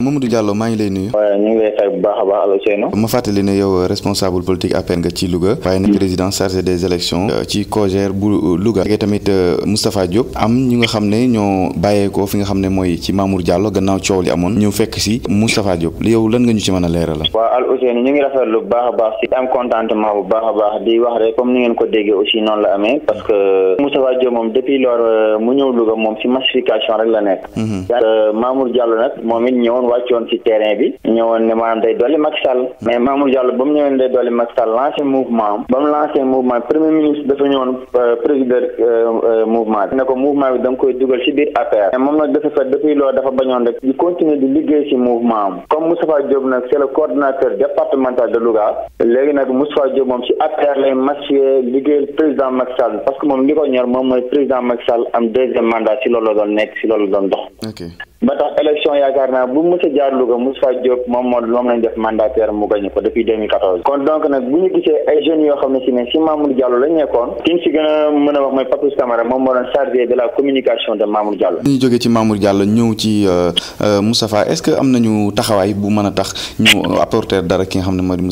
Mamadou Diallo maa ngi lay nuyu. waaye ñu ngi lay fay bu baax a baax allo Seynou. ma fàttali ne yow responsable politique APR nga ci Louga. waaye nag mm-hmm. président chargé des élections euh, ci COJER bu euh, Louga. fekkee tamit euh, Moustapha Diop. am ñi nga xam ne ñoo bàyyeekoo fi nga xam ne mooy ci Mamour Diallo gannaaw coow li amoon. ñëw fekk si Moustapha Diop yow lan nga ñu ci mën a leeralal. la allo Seynou ñu ngi rafetlu bu baax a baax ci am contentement bu baax a baax di wax rek comme ni ngeen ko déggee aussi noonu la amee parce que Moustapha Diop moom depuis lors mu ñëw Louga moom ci massification wàccoon ci terrain bi ñëwoon ne maanaam day dolli Macky Sall mais Mamour Diallo ba mu ñëwee ne day dolli Macky Sall lancé mouvement am ba mu lancé mouvement premier ministre dafa ñëwoon euh, président euh, euh, mouvement bi da nga koy dugal ci biir APR mais moom nag dafa fa depuis loolu dafa bañoon rek di continuer di liggéey ci mouvement am comme Moustapha Diop nag c'est le coordonnateur départemental de Louga léegi nag Moustapha Diop moom ci APR lay massué liggéeyal président Macky Sall parce que moom li ko ñor moom mooy président mag Sall am deuxième mandat ci loolu la doon nekk ci loolu la doon élection yaakaar naa bu mos a jaar Louga Moussa Diop moom moo moom lañ def mandataire mu gagné ko depuis 2014 kon donc nag bu ñu gisee ay jeunes yoo xam ne si ne si Mamour Diallo lañ nekkoon kiñ si gën a mën a wax mooy Papis Camara moom moo doon chargé de la communication de Mamour Diallo. ñu jógee ci Mamour Diallo ñëw ci euh, euh, Moustapha est-ce que am nañu taxawaay bu mën a tax ñu apporter dara ki nga xam ne moo euh,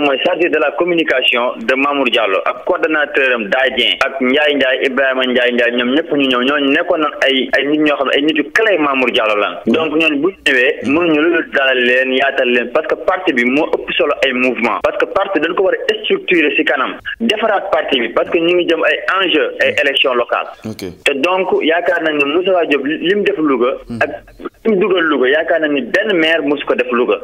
mooy chargé de la communication communication de Mamour Diallo ak coordonnateur am Dadien ak Ndiaye Ndiaye Ibrahima Ndiaye Ndiaye ñoom ñëpp ñu ñëw ñooñu nekkoon nañ ay ay nit ñoo xam ne ay nit yu clé Mamour Diallo lan donc ñooñu bu ñëwee mënuñu lu dul dalal leen yaatal leen parce que parti bi moo ëpp solo ay mouvement parce que parti dañ ko war a structurer ci kanam defaraat parti bi parce que ñu ngi jëm ay enjeu ay élection locale te donc yaakaar nañ ne Moussa Diop li mu def Louga hmm. ak li mu dugal Louga yaakaar nañ ni benn maire mosu ko def Louga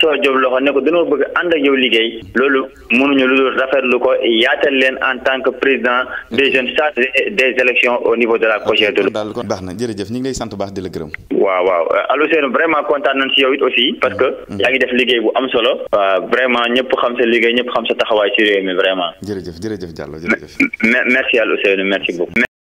soo Diop loxo ne ko dañoo bëgg ànd ak yow liggéey loolu mënuñu lu dul rafetlu ko yaatal leen en tan que président des mm-hmm. jeunes chargés des élections au niveau de la COJER de daal kon baax na jërëjëf ñu ngi lay sant baax di la gërëm waaw waaw euh, Alou vraiment kontaan na si yow it aussi parce que mm-hmm. Mm-hmm. yaa ngi def liggéey bu am solo euh, vraiment ñëpp xam sa liggéey ñëpp xam sa taxawaay si réew mi vraiment jërëjëf jërëjëf Diallo jërëjëf merci Alou Seynou merci